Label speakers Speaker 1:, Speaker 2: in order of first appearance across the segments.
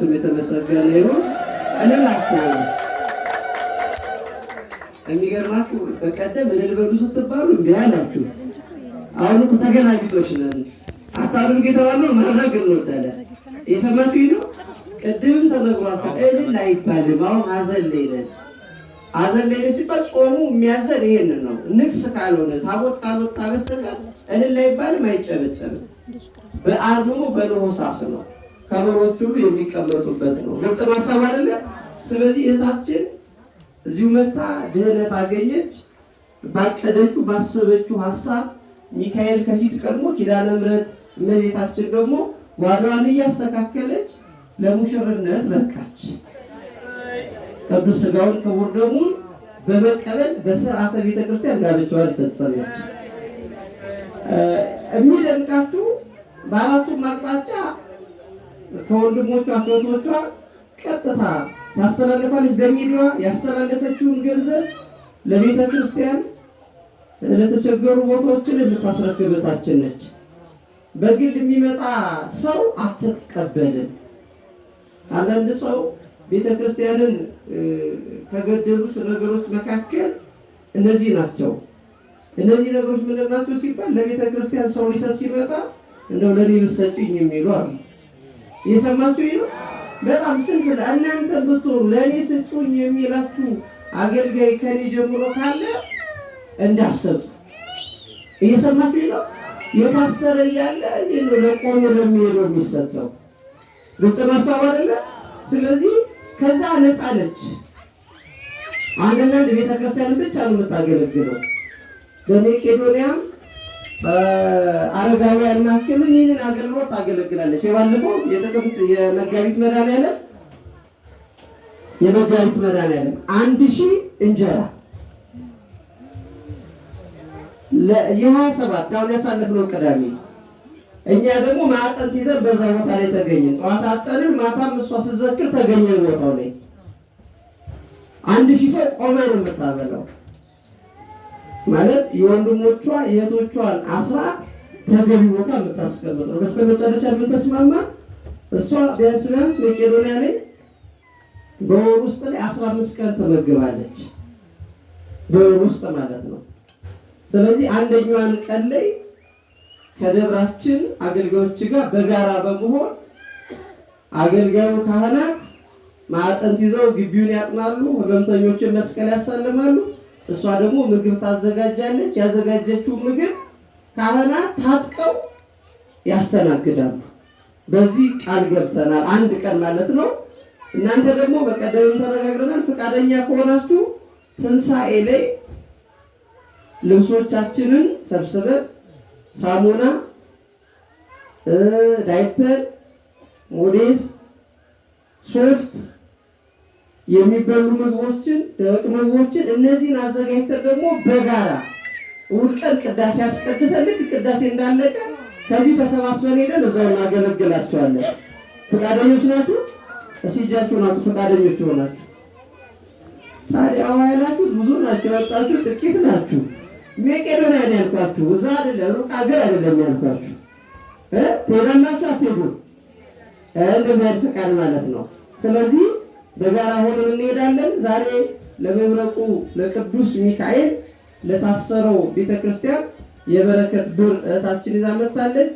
Speaker 1: ስም የተመሰገነ ይሁን እልላችሁ። የሚገርማችሁ በቀደም እልል በሉ ስትባሉ እምቢ አላችሁ። አሁን እኮ ተገናኝቶች ነን አታድርግ የተባለው ማድረግ እንወዳለን። የሰማችሁኝ ነው። ቅድምም ተዘግሯችሁ እልል አይባልም። አሁን አዘን ላይ አዘን ላይ ሲባል ጾሙ የሚያዘን ይሄንን ነው። ንግስ ካልሆነ ታቦት ካልወጣ በስተቀር እልል አይባልም፣ አይጨበጨብም። በዓል ደግሞ ነው ከበሮች ሁሉ የሚቀመጡበት ነው። ግልጽ ሀሳብ አይደለ? ስለዚህ እህታችን እዚሁ መታ ድህነት አገኘች። ባቀደችው ባሰበችው ሀሳብ ሚካኤል ከፊት ቀድሞ ኪዳነ ምሕረት እመቤታችን ደግሞ ዋጋዋን እያስተካከለች ለሙሽርነት በቃች። ቅዱስ ስጋውን ክቡር ደሙን በመቀበል በስርዓተ ቤተክርስቲያን ጋብቻዋን ፈጸመች። የሚደንቃችሁ በአራቱም አቅጣጫ ከወንድሞቿ እህቶቿ ቀጥታ ታስተላልፋለች። በሚዲያ ያስተላለፈችውን ገንዘብ ለቤተ ክርስቲያን ለተቸገሩ ቦታዎችን የምታስረክበታችን ነች። በግል የሚመጣ ሰው አትቀበልም። አንዳንድ ሰው ቤተ ክርስቲያንን ከገደሉት ነገሮች መካከል እነዚህ ናቸው። እነዚህ ነገሮች ምንድን ናቸው ሲባል ለቤተ ክርስቲያን ሰው ሊሰጥ ሲመጣ እንደው ለእኔ ብትሰጪኝ የሚሉ አሉ። የሰማችሁ ይህ ነው። በጣም ስንት እናንተ ብትሆኑ ለእኔ ስጡኝ የሚላችሁ አገልጋይ ከኔ ጀምሮ ካለ እንዳሰጡ እየሰማችሁ ነው። የታሰረ እያለ እንዴት ነው ለቆሙ ለሚሄደው የሚሰጠው? ግልጽ መሳብ አይደለ? ስለዚህ ከዛ ነፃ ነች። አንድና አንድ ቤተክርስቲያን ብቻ ነው የምታገለግለው በመቄዶንያም አረጋውያን ናችንም ይህንን አገልግሎት ታገለግላለች። የባለፈው የጥቅምት የመጋቢት መድኃኒዓለም የመጋቢት መድኃኒዓለም አንድ ሺህ እንጀራ የሀያ ሰባት አሁን ያሳለፍነው ቅዳሜ እኛ ደግሞ ማዕጠንት ይዘን በዛ ቦታ ላይ ተገኘን። ጠዋት አጠንን፣ ማታ እሷ ስትዘክር ተገኘን ቦታው ላይ አንድ ሺህ ሰው ቆመን የምታበላው ማለት የወንድሞቿ የእህቶቿን አስራ ተገቢ ቦታ የምታስቀምጥ ነው። በስተመጨረሻ የምንተስማማ እሷ ቢያንስ ቢያንስ መቄዶንያ ላይ በወር ውስጥ ላይ አስራ አምስት ቀን ትመግባለች። በወር ውስጥ ማለት ነው። ስለዚህ አንደኛዋን ቀን ላይ ከደብራችን አገልጋዮች ጋር በጋራ በመሆን አገልጋዩ ካህናት ማዕጠንት ይዘው ግቢውን ያጥናሉ፣ ህመምተኞችን መስቀል ያሳልማሉ። እሷ ደግሞ ምግብ ታዘጋጃለች። ያዘጋጀችው ምግብ ካህናት ታጥቀው ያስተናግዳሉ። በዚህ ቃል ገብተናል። አንድ ቀን ማለት ነው። እናንተ ደግሞ በቀደምም ተነጋግረናል። ፈቃደኛ ከሆናችሁ ትንሣኤ ላይ ልብሶቻችንን ሰብስበን ሳሙና፣ ዳይፐር፣ ሞዴስ፣ ሶፍት የሚበሉ ምግቦችን፣ ደረቅ ምግቦችን እነዚህን አዘጋጅተን ደግሞ በጋራ ውድቀን ቅዳሴ አስቀድሰን ልክ ቅዳሴ እንዳለቀ ከዚህ ተሰባስበን ሄደን እዛው እናገለግላቸዋለን። ፈቃደኞች ናችሁ? እስኪ እጃችሁን አውጡ። ፈቃደኞች ሆናችሁ ታዲያ አዋያላችሁ ብዙ ናቸው፣ ያወጣችሁ ጥቂት ናችሁ። መቄዶንያ ነው ያልኳችሁ፣ እዛ አይደለም ሩቅ አገር አይደለም ያልኳችሁ። ትሄዳላችሁ አትሄዱ? እንደዚህ አይነት ፈቃድ ማለት ነው። ስለዚህ በጋራ ሆነን እንሄዳለን። ዛሬ ለመብረቁ ለቅዱስ ሚካኤል ለታሰረው ቤተክርስቲያን የበረከት ብር እህታችን ይዛ መታለች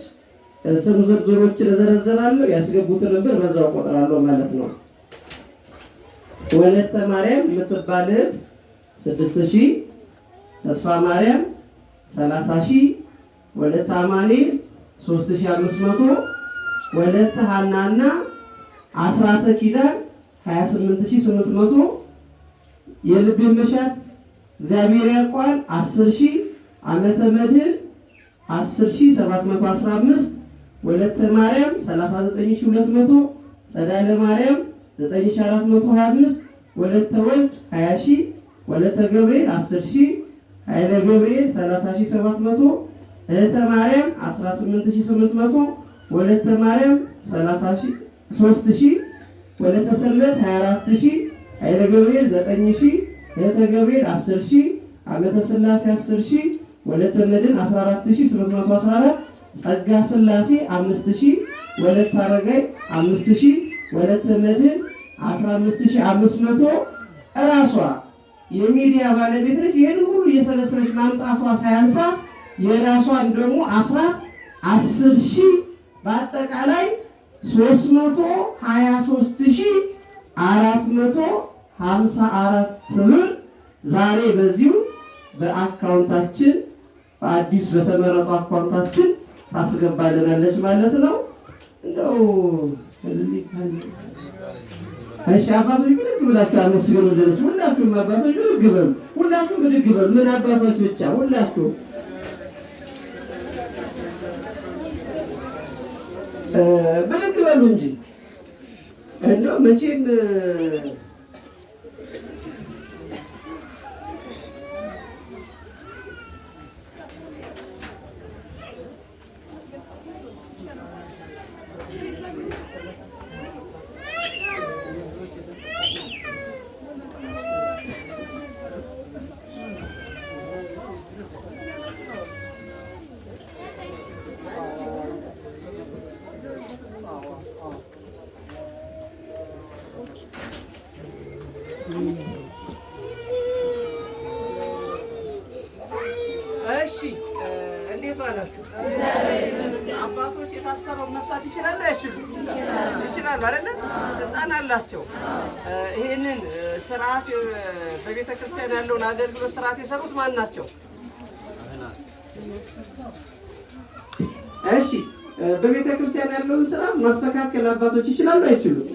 Speaker 1: ስም ዝርዝሮችን እዘረዝራለሁ። ያስገቡትን ብር በዛው ቆጥራለሁ ማለት ነው። ወለተ ማርያም የምትባል እህት ስድስት ሺህ ተስፋ ማርያም ሰላሳ ሺህ ወለተ አማኑኤል ሶስት ሺህ አምስት መቶ ወለተ ሀናና አስራተ ኪዳን 28800 የልብ መሻት እግዚአብሔር አመተ 10000 ዓመተ መድህን 10715 ወለተ ማርያም 39200 ጸዳለ ማርያም 9425 ወለተ ወልድ 20000 ወለተ ገብርኤል 10000 ኃይለ ገብርኤል 30700 እህተ ማርያም 18800 ወለተ ማርያም 30 3000 ወለተ ሰንበት 24000 ኃይለ ገብርኤል 9000 ኃይለ ገብርኤል 10000 አመተ ስላሴ 10000 ወለተ መድን ጸጋ ወለተ አረጋይ ወለተ መድን እራሷ የሚዲያ ባለቤት ነች። ይህን ሁሉ የሰለሰለች ማምጣቷ ሳያንሳ የራሷን ደግሞ አስራ አስር ሺህ በአጠቃላይ ሶስት መቶ ሀያ ሶስት ሺህ አራት መቶ ሀምሳ አራት ብር ዛሬ በዚሁ በአካውንታችን በአዲስ በተመረጠ አካውንታችን ታስገባልናለች ማለት ነው። እንደው እሺ አባቶች ብድግ ብላችሁ አመስግኑልኝ። ሁላችሁም አባቶች ብድግ በሉ፣ ሁላችሁም ብድግ በሉ። ምን አባቶች ብቻ ሁላችሁ ብልክ በሉ እንጂ እንደው መቼም የታሰረውን መፍታት ይችላሉ አይችሉም? ይችላሉ አይደለ? ስልጣን አላቸው። ይህንን ስርዓት በቤተ ክርስቲያን ያለውን አገልግሎት ስርዓት የሰሩት ማን ናቸው? እሺ በቤተ ክርስቲያን ያለውን ስራ ማስተካከል አባቶች ይችላሉ አይችሉም?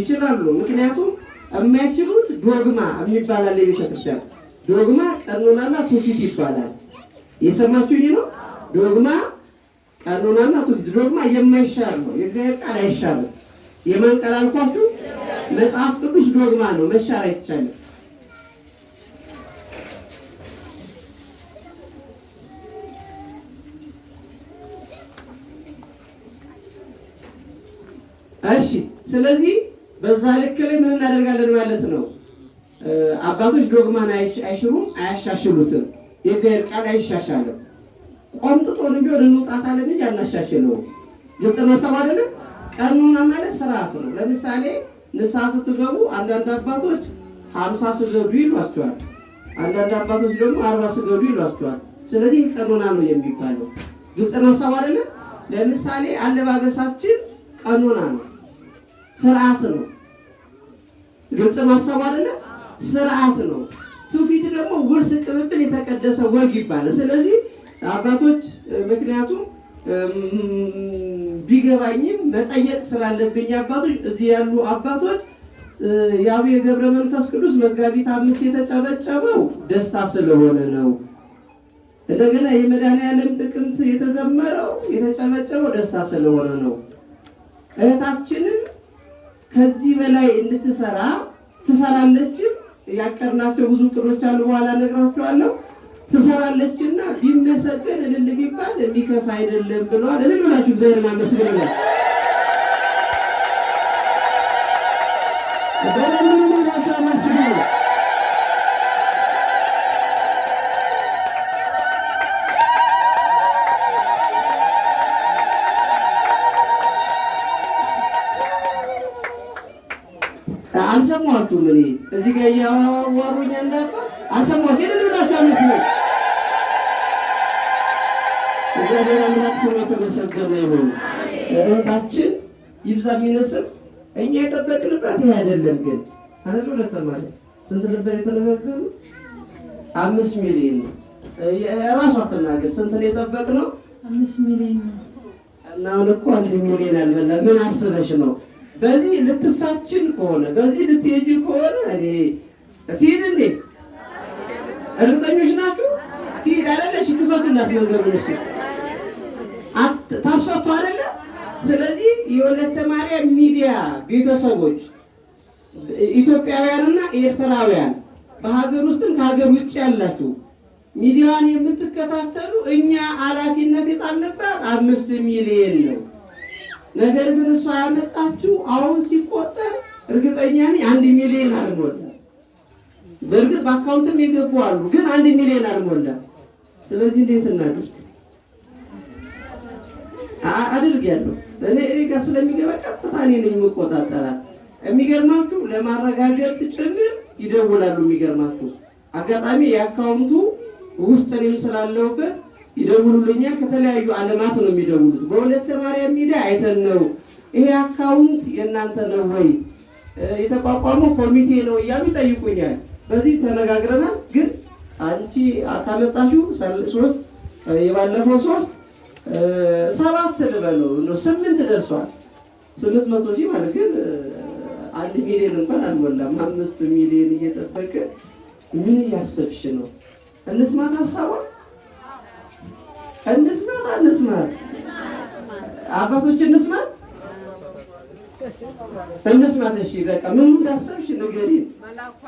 Speaker 1: ይችላሉ። ምክንያቱም የማይችሉት ዶግማ የሚባላል የቤተ ክርስቲያን ዶግማ ቀኖናና ትውፊት ይባላል። የሰማችሁ ይሄ ነው ዶግማ ቀኖናና ትውፊት ዶግማ የማይሻር ነው። የእግዚአብሔር ቃል አይሻርም። የማን ቃል አልኳችሁ? መጽሐፍ ቅዱስ ዶግማ ነው፣ መሻር አይቻልም። እሺ ስለዚህ በዛ ልክ ላይ ምን እናደርጋለን ማለት ነው። አባቶች ዶግማን አይሽሩም፣ አያሻሽሉትም። የእግዚአብሔር ቃል አይሻሻልም። ቆምጥጦን ቢሆን እንውጣት አለ እንጂ አናሻሽለውም። ግልጽ ነው ሰብ አይደለም። ቀኑና ማለት ስርዓት ነው። ለምሳሌ ንስሐ ስትገቡ አንዳንድ አባቶች ሀምሳ ስገዱ ይሏቸዋል። አንዳንድ አባቶች ደግሞ አርባ ስገዱ ይሏቸዋል። ስለዚህ ቀኖና ነው የሚባለው። ግልጽ ነው ሰብ አይደለም። ለምሳሌ አለባበሳችን ቀኖና ነው፣ ስርዓት ነው። ግልጽ ነው ሰብ አይደለም። ስርዓት ነው። ትውፊት ደግሞ ውርስ፣ ቅብብል፣ የተቀደሰ ወግ ይባላል። ስለዚህ አባቶች ምክንያቱም ቢገባኝም መጠየቅ ስላለብኝ አባቶች እዚህ ያሉ አባቶች ያው የገብረ መንፈስ ቅዱስ መጋቢት አምስት የተጨበጨበው ደስታ ስለሆነ ነው። እንደገና የመድኃኔዓለም ጥቅምት የተዘመረው የተጨበጨበው ደስታ ስለሆነ ነው። እህታችንም ከዚህ በላይ እንድትሰራ ትሰራለችም። ያቀርናቸው ብዙ ቅዶች አሉ። በኋላ ነግራችኋለሁ። ትሰራለችና ቢመሰገን እልል ቢባል የሚከፋ አይደለም ብለዋል። እልል ብላችሁ እግዚአብሔርን አመስግኑ። አልሰማችሁም? እኔ እዚህ ጋር አመስግኑ። እግዚአብሔር አምላክ ስሙ የተመሰገነ ይሁን። እህታችን ይብዛ የሚነስም እኛ የጠበቅንበት ይሄ አይደለም። ግን አነዱ ለተማሪ ስንት ነበር የተነጋገሩ? አምስት ሚሊዮን የራሷ ትናገር። ስንት ነው የጠበቅነው?
Speaker 2: አምስት ሚሊዮን ነው።
Speaker 1: እና አሁን እኮ አንድ ሚሊዮን አልበላ። ምን አስበሽ ነው? በዚህ ልትፋችን ከሆነ በዚህ ልትሄጂ ከሆነ እኔ ትሄድ እንዴ? እርግጠኞች ናችሁ? ትሄድ አይደለሽ? ክፈቱላት መንገዱን። እሺ ታስፈቱ አይደለ? ስለዚህ የወለተ ማርያም ሚዲያ ቤተሰቦች ኢትዮጵያውያንና ኤርትራውያን በሀገር ውስጥም ከሀገር ውጭ ያላችሁ ሚዲያዋን የምትከታተሉ እኛ ኃላፊነት የጣለባት አምስት ሚሊየን ነው። ነገር ግን እሷ ያመጣችው አሁን ሲቆጠር እርግጠኛ ነኝ አንድ ሚሊዮን አልሞላ። በእርግጥ በአካውንትም የገቡ አሉ፣ ግን አንድ ሚሊዮን አልሞላ። ስለዚህ እንዴት እናድር? አድርጊያለሁ። እኔ እኔ ጋር ስለሚገባ ቀጥታ እኔ ነኝ የምቆጣጠራት። የሚገርማችሁ ለማረጋገጥ ጭምር ይደውላሉ። የሚገርማችሁ አጋጣሚ የአካውንቱ ውስጥ እኔም ስላለሁበት ይደውሉልኛል። ከተለያዩ አለማት ነው የሚደውሉት። በሁለት ማርያም ሚዲያ አይተን ነው ይሄ አካውንት የእናንተ ነው ወይ የተቋቋመው ኮሚቴ ነው እያሉ ይጠይቁኛል። በዚህ ተነጋግረናል፣ ግን አንቺ ካመጣሽው ሶስት የባለፈው ሶስት ሰባት ልበለው ነው ስምንት ደርሷል። ስምንት መቶ ሺህ ማለት ግን አንድ ሚሊዮን እንኳን አልሞላም። አምስት ሚሊዮን እየጠበቀ ምን እያሰብሽ ነው? እንስማት ሀሳቧን እንስማት አንስማት አባቶች እንስማት እንስማት። እሺ በቃ ምን ታሰብሽ ንገሪ። መላኩ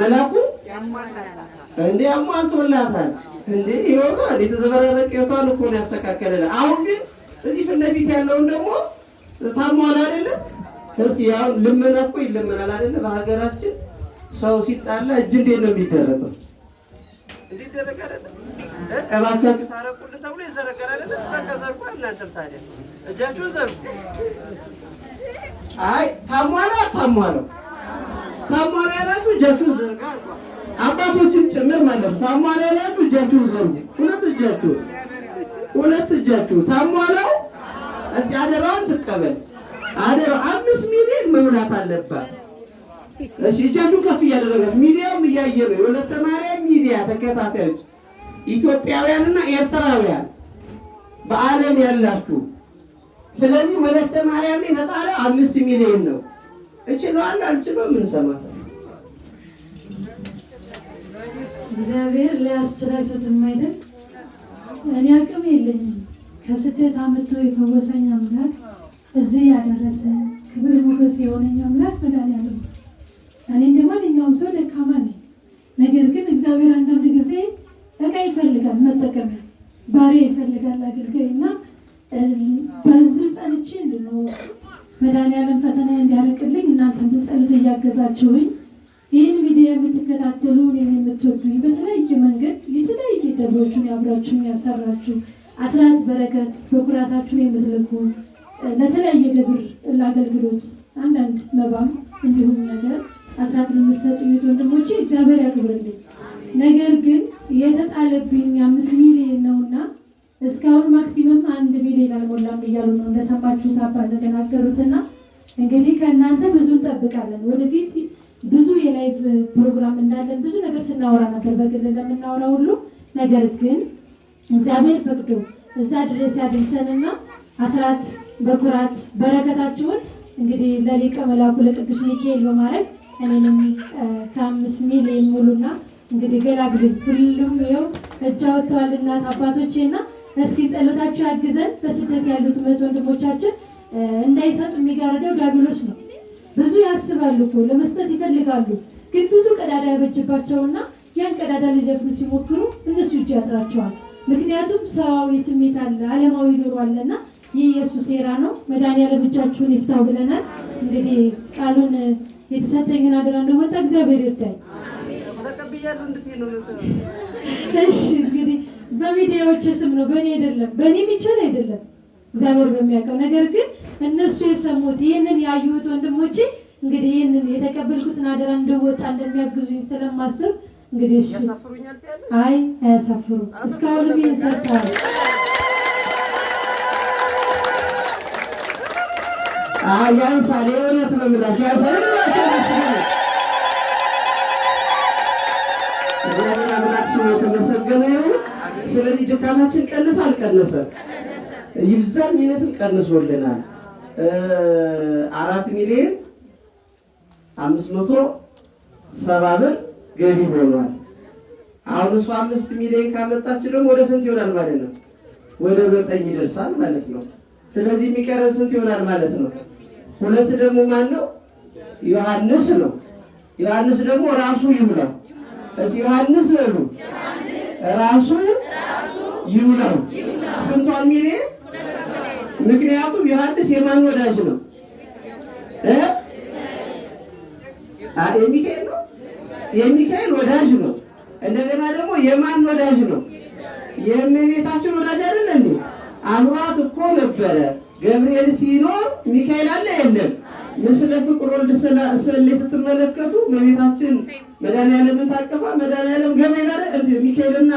Speaker 1: መላኩ እንዴ አሟልቶላታል እንዴ ይወጣ የተዘበራረቀ ይወጣል እኮ ነው ያስተካከለል። አሁን ግን እዚህ ፊት ለፊት ያለውን ደግሞ ታሟል አይደለ? እርስ ያው ልመና እኮ ይለመናል አይደለ? በሀገራችን ሰው ሲጣላ እጅ እንዴት ነው የሚደረገው? እንዲደረግ አይደለም። እባካችሁ ታረቁልን ተብሎ ይዘረጋል አይደለም። በቃ ዘርጉ። እናንተም ታዲያ እጃችሁን ዘርጉ። አይ ያላችሁ እጃችሁን ዘርጋ አባቶችም ጭምር ማለት ያላችሁ እጃችሁን ዘርጉ። ሁለት እጃችሁ ሁለት እጃችሁ እስኪ ትቀበል። አደራ አምስት ሚሊዮን መሙላት አለባት። እሺ ከፍ እያየ ነው የሁለት ተማሪ ሚዲያ ተከታታዮች ኢትዮጵያውያንና ኤርትራውያን በዓለም ያላችሁ፣ ስለዚህ ወለተ ማርያም የተጣለ አምስት ሚሊዮን ነው። እችለዋለሁ አልችለውም እንሰማታለን።
Speaker 2: እግዚአብሔር ሊያስችል አይሰጥም አይደል? እኔ አቅም የለኝም። ከስደት አመቶ የፈወሰኝ አምላክ እዚህ ያደረሰ ክብር ሞገስ የሆነኝ አምላክ መዳን ያለው እኔ እንደማንኛውም ሰው ደካማ ነኝ። ነገር ግን እግዚአብሔር አንዳንድ ጊዜ እቃ ይፈልጋል፣ መጠቀሚያ ባሪያ ይፈልጋል አገልጋይ እና በዚህ ጸንቼ እንድኖር መድኃኒዓለም ፈተና እንዲያረቅልኝ እናንተ ምጸልት እያገዛችሁኝ ይህን ሚዲያ የምትከታተሉ እኔን የምትወዱኝ በተለያየ መንገድ የተለያየ ደብሮችን ያብራችሁን ያሰራችሁ አስራት በረከት በኩራታችሁን የምትልኩ ለተለያየ ደብር ለአገልግሎት አንዳንድ መባም እንዲሁም ነገር አስራት የምትሰጡኝ ወንድሞቼ እግዚአብሔር ያክብርልኝ። ነገር ግን የተጣለብኝ አምስት ሚሊዮን ነውና እስካሁን ማክሲመም አንድ ሚሊዮን አልሞላም እያሉ ነው እንደሰማችሁት አባ እንደተናገሩትና እንግዲህ ከእናንተ ብዙ እንጠብቃለን። ወደፊት ብዙ የላይቭ ፕሮግራም እንዳለን ብዙ ነገር ስናወራ ነበር፣ በግል እንደምናወራ ሁሉ ነገር ግን እግዚአብሔር ፈቅዶ እዛ ድረስ ያድርሰንና አስራት በኩራት በረከታችሁን እንግዲህ ለሊቀ መላኩ ለቅዱስ ሚካኤል በማድረግ እኔንም ከአምስት ሚሊዮን ሙሉና እንግዲህ ገላግሉኝ። ሁሉም ይኸው እጅ አወጥተዋል እናት አባቶቼ እና እስኪ ጸሎታችሁ ያግዘን። በስደት ያሉት እህት ወንድሞቻችን እንዳይሰጡ የሚጋረደው ዲያብሎስ ነው። ብዙ ያስባሉ እኮ ለመስጠት ይፈልጋሉ፣ ግን ብዙ ቀዳዳ ያበጅባቸውና ያን ቀዳዳ ሊደፍኑ ሲሞክሩ እነሱ እጅ ያጥራቸዋል። ምክንያቱም ሰዋዊ ስሜት አለ፣ አለማዊ ኑሮ አለና ይህ የእሱ ሴራ ነው። መድኃኒዓለም እጃችሁን ይፍታው ብለናል። እንግዲህ ቃሉን የተሰጠኝን አደራ እንደመጣ እግዚአብሔር ይርዳኝ። እሺ እንግዲህ በሚዲያዎች ስም ነው፣ በእኔ አይደለም፣ በእኔ የሚችል አይደለም፣ እግዚአብሔር በሚያውቀው ነገር ግን እነሱ የሰሙት ይህንን ያዩት ወንድሞቼ እንግዲህ ይህንን የተቀበልኩትን አደራ እንደወጣ እንደሚያግዙኝ ስለማስብ እንግዲህ አይ አያሳፍሩ እስካሁንም ይህን
Speaker 1: ያንሳል። የእውነት ነው የምላችሁ ያንሳል። እግዚአብሔር አምላክ ስሙ የተመሰገነ ይሁን። ስለዚህ ድካማችን ቀነሰ አልቀነሰም፣ ይብዛም ይነስም ቀንሶልናል። አራት ሚሊዮን አምስት መቶ ሰባ ብር ገቢ ሆኗል። አሁን እሱ አምስት ሚሊዮን ካመጣችሁ ደግሞ ወደ ስንት ይሆናል ማለት ነው? ወደ ዘጠኝ ይደርሳል ማለት ነው። ስለዚህ የሚቀረን ስንት ይሆናል ማለት ነው? ሁለት ደግሞ ማን ነው? ዮሐንስ ነው። ዮሐንስ ደግሞ ራሱ ይብላው። እስ ዮሐንስ በሉ ራሱ ይብላው። ስንቷን ሚሌ? ምክንያቱም ዮሐንስ የማን ወዳጅ ነው? የሚካኤል ነው። የሚካኤል ወዳጅ ነው። እንደገና ደግሞ የማን ወዳጅ ነው? የእመቤታችን ወዳጅ አይደለ እንዴ? አብሯት እኮ ነበረ ገብርኤል ሲኖር ሚካኤል አለ የለም? ምስለ ፍቁር ወልድ ስዕል ስትመለከቱ መቤታችን መድኃኒዓለምን ታቀፋ። መድኃኒዓለም ገብርኤል አለ ሚካኤልና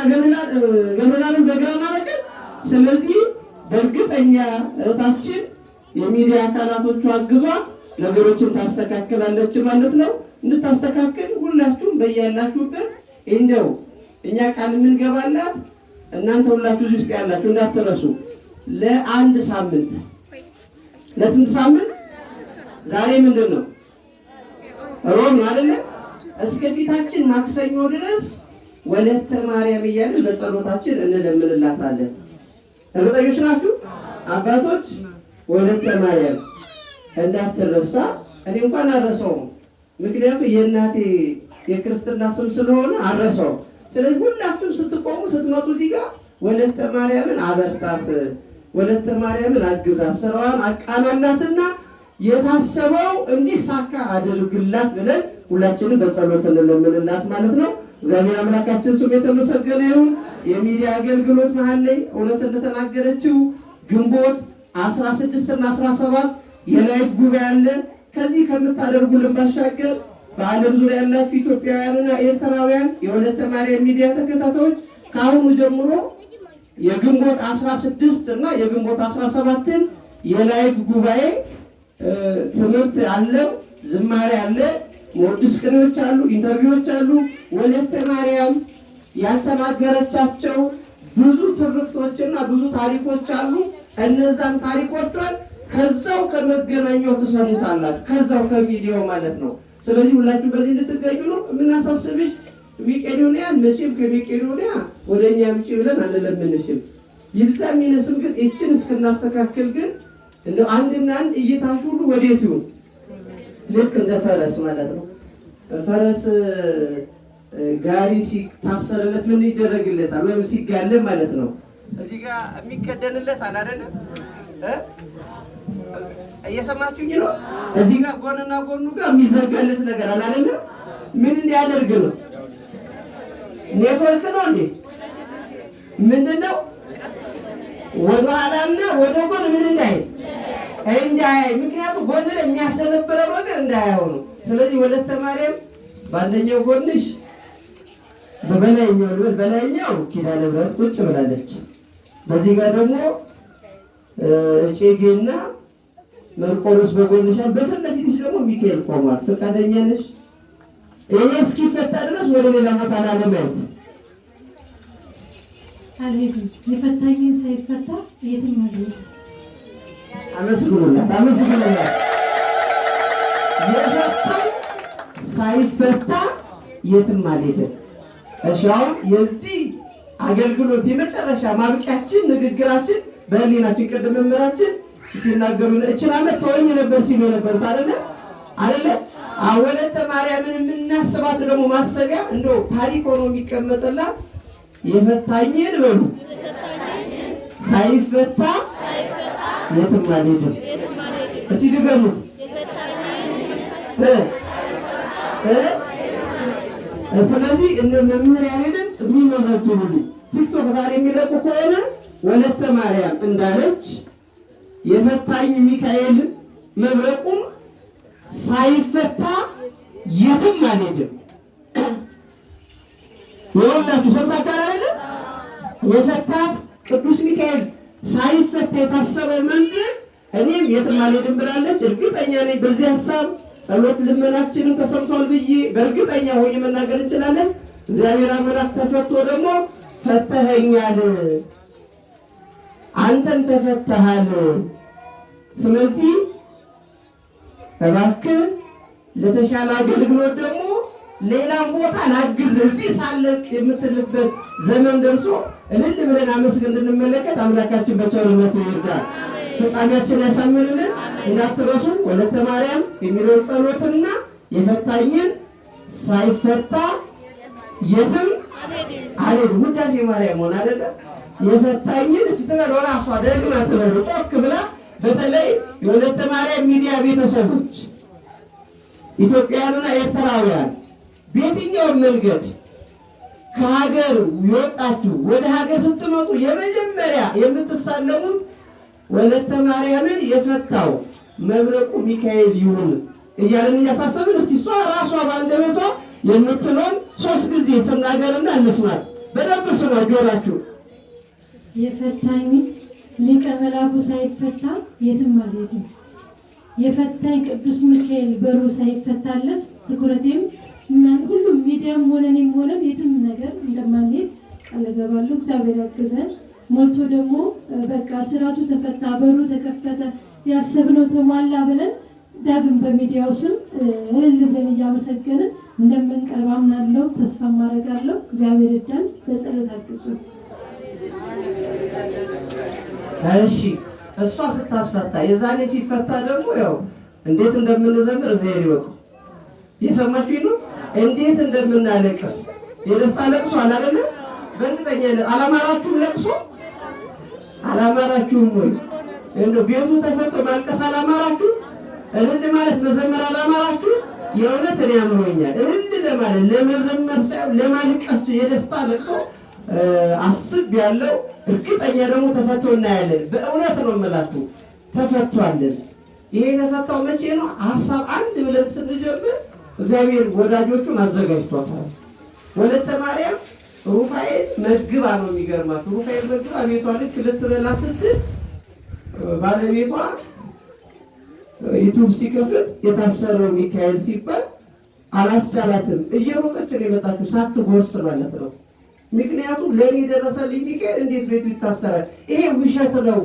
Speaker 1: ገብርኤልን በግራና በቀኝ። ስለዚህ በእርግጠኛ እህታችን የሚዲያ አካላቶቹ አግዟ ነገሮችን ታስተካክላለች ማለት ነው። እንድታስተካክል ሁላችሁም በያላችሁበት እንደው እኛ ቃል የምንገባላት እናንተ ሁላችሁ ውስጥ ያላችሁ እንዳትረሱ ለአንድ ሳምንት ለስንት ሳምንት? ዛሬ ምንድን ነው? ሮም ነው አይደለ? እስከ ፊታችን ማክሰኞ ድረስ ወለተ ማርያም እያለን በጸሎታችን እንለምንላታለን። እርግጠኞች ናችሁ አባቶች? ወለተ ማርያም እንዳትረሳ። እኔ እንኳን አረሰው፣ ምክንያቱም የእናቴ የክርስትና ስም ስለሆነ አረሰው። ስለዚህ ሁላችሁም ስትቆሙ ስትመጡ እዚህ ጋር ወለተ ማርያምን አበርታት ወለተ ማርያምን አግዛት፣ ስራዋን አቃናላትና የታሰበው እንዲሳካ አድርግላት ብለን ሁላችንም በጸሎት እንለምንላት ማለት ነው። እግዚአብሔር አምላካችን ስም የተመሰገነ ይሁን። የሚዲያ አገልግሎት መሀል ላይ እውነት እንደተናገረችው ግንቦት 16 እና 17 የላይፍ ጉባኤ አለ። ከዚህ ከምታደርጉልን ባሻገር በዓለም ዙሪያ ያላችሁ ኢትዮጵያውያንና ኤርትራውያን የወለተ ማርያም ሚዲያ ተከታታዮች ከአሁኑ ጀምሮ የግንቦት 16 እና የግንቦት 17ን የላይቭ ጉባኤ ትምህርት አለ፣ ዝማሬ አለ፣ ሞድስ ቅኔዎች አሉ፣ ኢንተርቪዎች አሉ። ወለተ ማርያም ያልተናገረቻቸው ብዙ ትርክቶችና ብዙ ታሪኮች አሉ። እነዛን ታሪኮቿን ከዛው ከመገናኛው ትሰሙታላችሁ፣ ከዛው ከቪዲዮ ማለት ነው። ስለዚህ ሁላችሁ በዚህ እንድትገኙ ነው የምናሳስብሽ። መቄዶንያን መቼም ከመቄዶንያ ወደ እኛ ምጪ ብለን አንለምንሽም። ይብዛ የሚነስም ግን እችን እስክናስተካክል ግን እንደ አንድና አንድ እይታሽ ሁሉ ወዴት ይሁን? ልክ እንደ ፈረስ ማለት ነው። ፈረስ ጋሪ ሲታሰርለት ምን ይደረግለታል? ወይም ሲጋለ ማለት ነው። እዚህ ጋር የሚከደንለት አለ አይደለም። እየሰማችሁኝ ነው? እዚህ ጋር ጎንና ጎኑ ጋር የሚዘጋለት ነገር አለ አይደለም። ምን እንዲያደርግ ነው ኔትወርክ ነው እንዴ? ምንድን ነው? ወደ ኋላና ወደ ጎን ምን እንዳይ እንዳይ ምክንያቱም ጎን ላይ የሚያሸነበረው ነገር እንዳያየው ነው። ስለዚህ ወለተ ማርያም በአንደኛው ጎንሽ በበላይኛው ልበል፣ በላይኛው ኪዳነ ምሕረት ቁጭ ብላለች። በዚህ ጋር ደግሞ እጨጌና መርቆሬዎስ በጎንሻል፣ በፊት ለፊትሽ ደግሞ ሚካኤል ቆሟል። ፈቃደኛ ነሽ? ይሄ እስኪፈታ ድረስ ወደ ሌላ ቦታ ላለመሄድ
Speaker 2: የፈታኝ ሳይፈታ
Speaker 1: የትም አልሄድም። እሺ፣ የዚህ አገልግሎት የመጨረሻ ማብቂያችን ንግግራችን በህሊናችን ቅድም መምህራችን ሲናገሩን እችን ዓመት ተወኝ ነበር ሲሉ የነበሩት አይደለ አይደለ ወለተ ማርያምን የምናስባት ደግሞ ማሰቢያ እንደው ታሪክ ሆኖ የሚቀመጥላት የፈታኝን በሉ ሳይፈታ የትም አልሄድም። እስኪ ድገሙት። ስለዚህ እንደ መምህር ያሬድን የሚመዘግቡልኝ ቲክቶክ ዛሬ የሚለቁ ከሆነ ወለተ ማርያም እንዳለች የፈታኝ ሚካኤል መብረቁም ሳይፈታ የትም አልሄድም። የወላችሁ ሰምታችኋል አይደለም? የፈታት ቅዱስ ሚካኤል ሳይፈታ የታሰረ መንድር እኔም የትም አልሄድም ብላለች። እርግጠኛ ነኝ በዚህ ሀሳብ ጸሎት ልመናችንም ተሰምቷል ብዬ በእርግጠኛ ሆኜ መናገር እንችላለን። እግዚአብሔር አምላክ ተፈቶ ደግሞ ፈተኸኛል፣ አንተም ተፈተሃል። ስለዚህ እባክህ ለተሻለ አገልግሎት ደግሞ ሌላም ቦታ ላግዝ እዚህ ሳለቅ የምትልበት ዘመን ደርሶ እልል ብለን አመስግን እንድንመለከት አምላካችን በቸርነቱ ይርዳል። ፍጻሜያችን ያሳምርልን። እንዳትረሱ ወለተ ማርያም የሚለውን ጸሎትና የፈታኝን ሳይፈታ የትም አልሄድ ውዳሴ ማርያም ሆን አደለ የፈታኝን ስትበል ራሷ ደግማ ትበሉ ጮክ ብላ በተለይ የሁለት ማርያም ሚዲያ ቤተሰቦች ኢትዮጵያውያንና ኤርትራውያን በየትኛውም መንገድ ከሀገር የወጣችሁ ወደ ሀገር ስትመጡ የመጀመሪያ የምትሳለሙት ወለተ ማርያምን የፈታው መብረቁ ሚካኤል ይሁን እያለን እያሳሰብን፣ እስቲ እሷ ራሷ ባንደበቷ የምትለውን ሶስት ጊዜ ስናገርና እንስማል። በደንብ ስማ ጆራችሁ
Speaker 2: የፈታኝ ሊቀ መላኩ ሳይፈታ የትም አልሄድም። የፈታኝ ቅዱስ ሚካኤል በሩ ሳይፈታለት ትኩረቴም ሁሉም ሚዲያም ሆነንም ሆነም የትም ነገር እንደማልሄድ ቃል እገባለሁ። እግዚአብሔር ያግዘን። ሞልቶ ደግሞ በቃ ስራቱ ተፈታ፣ በሩ ተከፈተ፣ ያሰብነው ተሟላ ብለን ዳግም በሚዲያው ስም እልል ብለን እያመሰገንን እንደምንቀርብ አምናለሁ፣ ተስፋ ማድረጋለሁ። እግዚአብሔር እዳን በጸሎት አግዙ።
Speaker 1: እሺ እሷ ስታስፈታ የዛኔ ሲፈታ ደግሞ ያው እንዴት እንደምንዘምር እግዚአብሔር ይወቁ። የሰማችሁ ነው። እንዴት እንደምናለቅስ የደስታ ለቅሶ አለ አይደለ? በእርግጠኛ አላማራችሁም፣ ለቅሶ አላማራችሁም ወይ? እንደው ቤቱ ተፈቶ ማልቀስ አላማራችሁ? እልል ማለት መዘመር አላማራችሁ? የእውነት እኔ አምሮኛል። እልል ለማለት ለመዘመር ሳይሆን ለማልቀስ የደስታ ለቅሶ አስብ ያለው እርግጠኛ ደግሞ ተፈቶ እናያለን። በእውነት ነው የምላችሁ ተፈቷለን። ይሄ የተፈታው መቼ ነው? ሀሳብ አንድ ብለን ስንጀምር እግዚአብሔር ወዳጆቹን አዘጋጅቷታል። ወለተ ማርያም ሩፋኤል መግባ ነው የሚገርማችሁ። ሩፋኤል መግባ ቤቷ ልክ ልትበላ ስትል ባለቤቷ ዩቱብ ሲከፍት የታሰረው ሚካኤል ሲባል አላስቻላትም። እየሮጠች ነው የመጣችሁ ሳትጎርስ ማለት ነው ምክንያቱም ለእኔ የደረሰልኝ ሚካኤል እንዴት ቤቱ ይታሰራል? ይሄ ውሸት ነው፣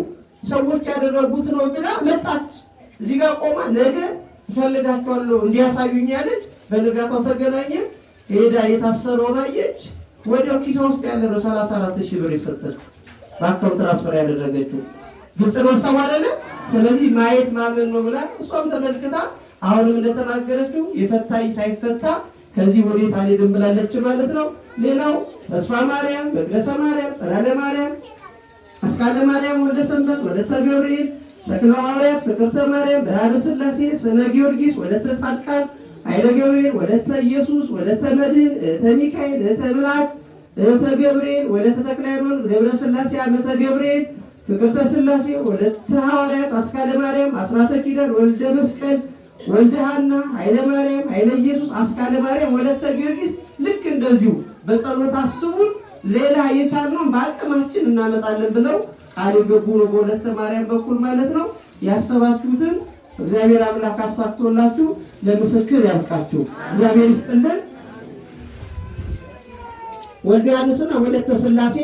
Speaker 1: ሰዎች ያደረጉት ነው ብላ መጣች። እዚህ ጋር ቆማ ነገ እፈልጋቸዋለሁ እንዲያሳዩኝ ያለች። በንጋታው ተገናኘ ሄዳ የታሰረውን አየች። ወዲያው ኪሳ ውስጥ ያለ ነው ሰላሳ ሺህ ብር የሰጠችው በአካውንት ትራንስፈር ያደረገችው ግልጽ ነው አደለ። ስለዚህ ማየት ማመን ነው ብላ እሷም ተመልክታ አሁንም እንደተናገረችው የፈታይ ሳይፈታ ከዚህ ወዴት አልሄድም ብላለች ማለት ነው። ሌላው ተስፋ ማርያም፣ መቅደሰ ማርያም፣ ጸላለ ማርያም፣ አስካለ ማርያም፣ ወልደ ሰንበት፣ ወለተ ገብርኤል፣ ተክለ ሐዋርያት፣ ፍቅርተ ማርያም፣ ብርሃነ ስላሴ፣ ስነ ጊዮርጊስ፣ ወለተ ጻድቃን፣ ኃይለ ገብርኤል፣ ወለተ ኢየሱስ፣ ወለተ መድህን፣ እህተ ሚካኤል፣ እህተ ብላክ፣ እህተ ገብርኤል፣ ወለተ ተክለ ሃይማኖት፣ ገብረ ስላሴ፣ አመተ ገብርኤል፣ ፍቅርተ ስላሴ፣ ወለተ ሐዋርያት፣ አስካለ ማርያም፣ አስራተ ኪዳን፣ ወልደ መስቀል ወልደ ሐና፣ ኃይለ ማርያም፣ ኃይለ ኢየሱስ፣ አስካለ ማርያም፣ ወለተ ጊዮርጊስ ልክ እንደዚሁ በጸሎት አስቡን። ሌላ የቻልነውን በአቅማችን እናመጣለን ብለው ቃል የገቡ ነው። በሁለተ ማርያም በኩል ማለት ነው። ያሰባችሁትን እግዚአብሔር አምላክ አሳክቶላችሁ ለምስክር ያብቃችሁ። እግዚአብሔር ይስጥልን። ወልደ ዮሐንስና ወለተ ሥላሴ